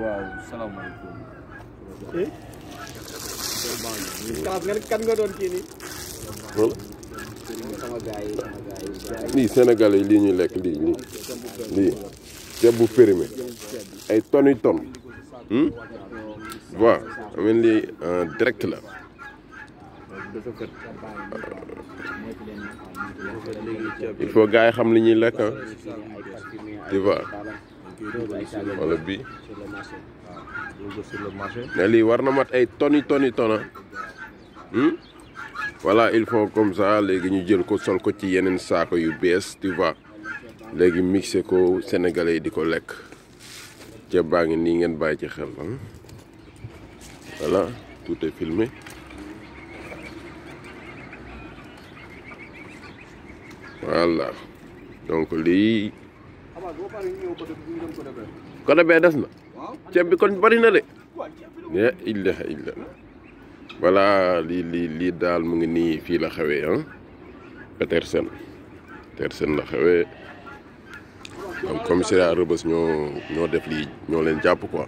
waaw salaamaaleykum. Eh? kaas nga nga doon kii nii. lii Sénégal yi lii ñuy lekk lii lii lii ceeb bu périmé ay tonnes yu tonnes hmm? waaw amen lii euh, direct la il faut gars xam li ñuy lekk ah wala bii ne lii war na mat ay toni toni tona hmm? voilà il faut comme ça léegi ñu jël ko sol ko ci yeneen saako yu bees tu vois léegi mixé ko sénégalais yi di ko lekk ceeb baa ngi nii ngeen bàyyi ci xel voilà tout est filmé voilà donc lii côté bee des na ceeb bi kon bari na de la ilaha illa voilà lii lii lii daal mu ngi nii fii la xewee ah Petersen Petersen la xewee donc commissariat Rebeuss ñoo def lii ñoo leen jàpp ko